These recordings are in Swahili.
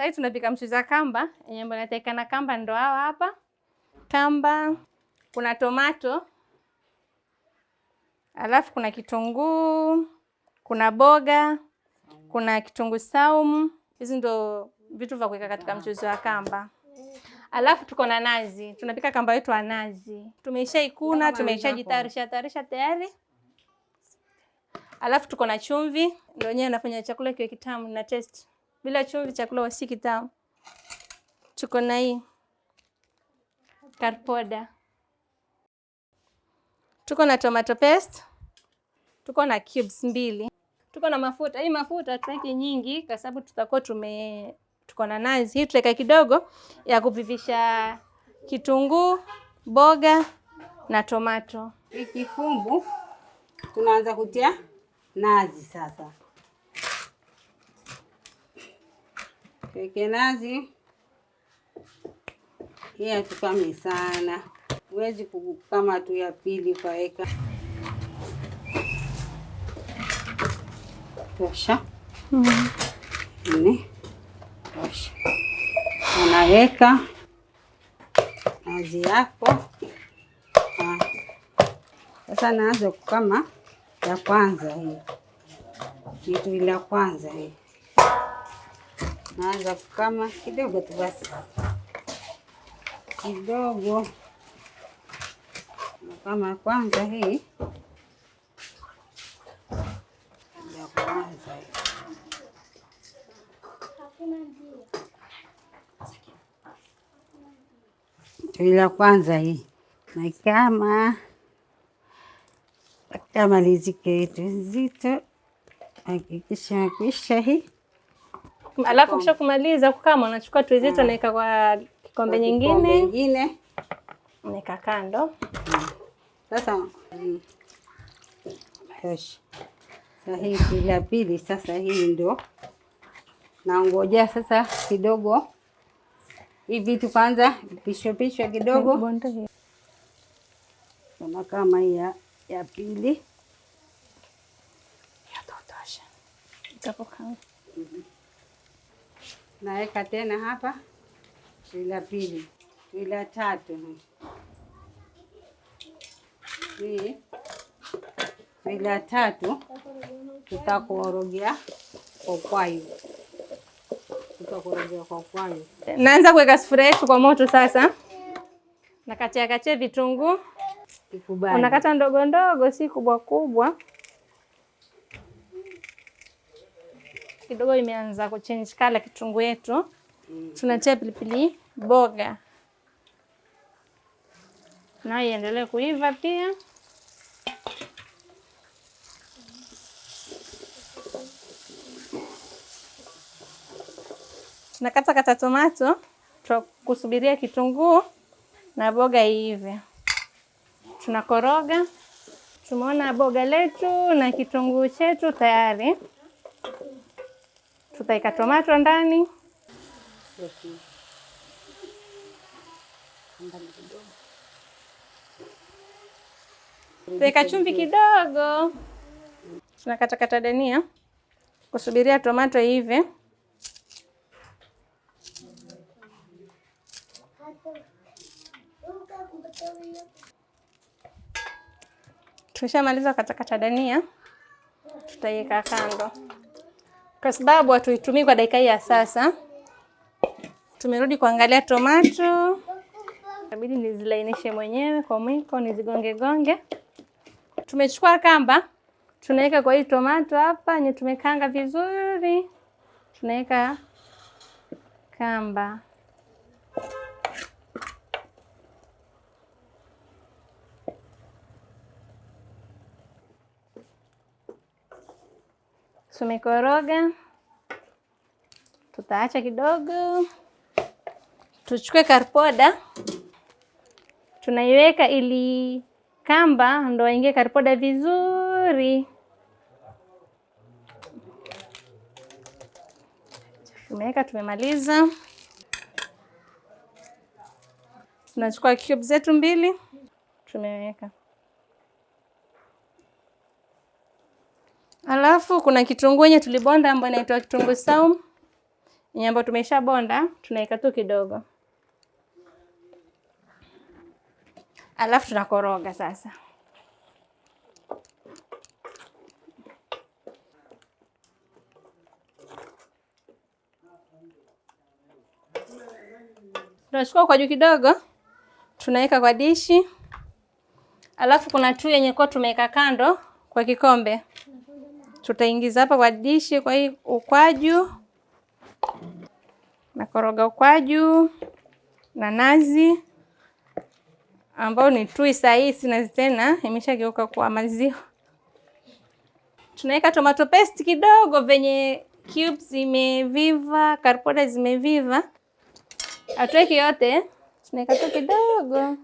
Sasa tunapika mchuzi wa kamba yenye taika na kamba ndo hawa hapa. Kamba, kuna tomato, alafu kuna kitunguu, kuna boga, kuna kitunguu saumu. Hizi ndo vitu vya kuweka katika mchuzi wa kamba. Alafu tuko na nazi, tunapika kamba yetu ya nazi. Tumeishaikuna, tumeishajitayarisha tayarisha tayari. Alafu tuko na chumvi, ndio yenyewe inafanya chakula kiwe kitamu na taste. Bila chumvi chakula wasi kitamu. Tuko na hii karpoda, tuko na tomato paste, tuko na cubes mbili, tuko na mafuta. Hii mafuta tutaki nyingi kwa sababu tutakuwa tume, tuko na nazi hii, tutaweka kidogo ya kuvivisha kitunguu, boga na tomato. Hii kifumbu tunaanza kutia nazi sasa. weke nazi, hii hatukami sana, huwezi kukama tu ya pili ukaweka tosha. Mm. Nne tosha, unaweka nazi yako ah. sasa. Naanza kukama ya kwanza hii, kitu ila kwanza hii naanza kukama kidogo tu basi, kidogo kama kwanza hii ila kwanza hii nakama mpaka lizike yetu nzito. Hakikisha nakwisha hii alafu kisha kumaliza kukama, unachukua tui zetu mm. naweka kwa kikombe nyingine nyingine, naweka kando. Sasa mm, hii pili, sasa, hii ndo naongojea sasa kidogo, hii vitu kwanza pishopishwe kidogo, kama kama ya, ya pili yatotosha naweka tena hapa tui la pili, tui la tatu, hii tui la tatu tutakorogea kwa kwayo, tutakorogea kwa kwayo. Naanza kuweka sufuria yetu kwa moto sasa, nakatia katia vitunguu, unakata ndogo ndogo, si kubwa kubwa kidogo imeanza kuchange kala kitunguu yetu, tunatia pilipili boga na iendelee kuiva pia. Tunakata kata tomato kusubiria kitunguu na boga iive. Tunakoroga. Tumeona boga letu na kitunguu chetu tayari. Tutaweka tomato ndani tutaweka chumvi kidogo, tunakatakata dania kusubiria tomato hivi. Tukishamaliza katakata dania tutaiweka kando kwa sababu hatuitumii kwa dakika hii ya sasa. Tumerudi kuangalia tomato, inabidi nizilainishe mwenyewe kwa mwiko, nizigonge gonge. Tumechukua kamba tunaweka kwa hii tomato hapa yenye tumekanga vizuri, tunaweka kamba Tumekoroga, tutaacha kidogo, tuchukue karpoda, tunaiweka ili kamba ndo aingie karpoda vizuri. Tumeweka, tumemaliza. Tunachukua cube zetu mbili, tumeweka Alafu kuna kitunguu yenye tulibonda ambayo inaitwa kitunguu saumu yenye ambayo tumeshabonda, bonda, tunaweka tu kidogo, alafu tunakoroga sasa. Tunachukua kwa juu kidogo, tunaweka kwa dishi. Alafu kuna tui yenye kwa tumeweka kando kwa kikombe tutaingiza hapa kwa dishi. Kwa hii ukwaju, nakoroga ukwaju na nazi ambao ni tui. Saa hii si tena, imeshageuka kuwa maziwa. Tunaweka tomato paste kidogo, venye cubes zimeviva, carpoda zimeviva, hatuweki yote, tunaweka tu kidogo.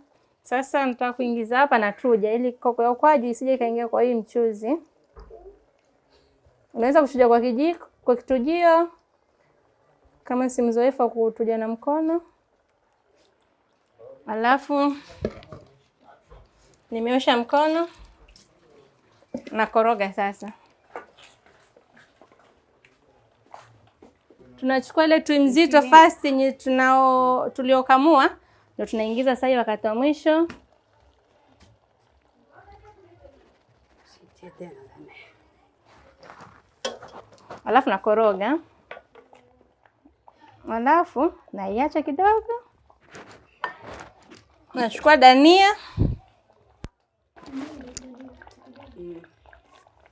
Sasa nitaka kuingiza hapa na tuja, ili ya ukwaju isije ikaingia kwa hii mchuzi. Unaweza kuchuja kwa kijiko, kwa kitujio kama si mzoefu wa kutuja na mkono. Alafu nimeosha mkono, nakoroga sasa. Tunachukua ile tui mzito fast yenye tunao tuliokamua, ndio tunaingiza sasa wakati wa mwisho alafu nakoroga, alafu naiacha kidogo, nachukua dania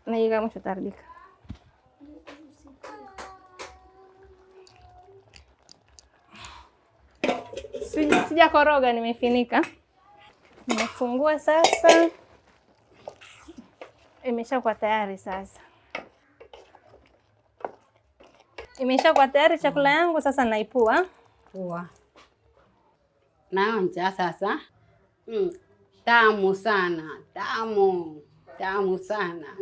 naikamshotaaribika sijakoroga, nimefinika. Nimefungua sasa, imeshakuwa tayari sasa. Imeshakuwa tayari chakula mm. yangu, sasa naipua pua. Naonja sasa. Mm, tamu sana, tamu tamu sana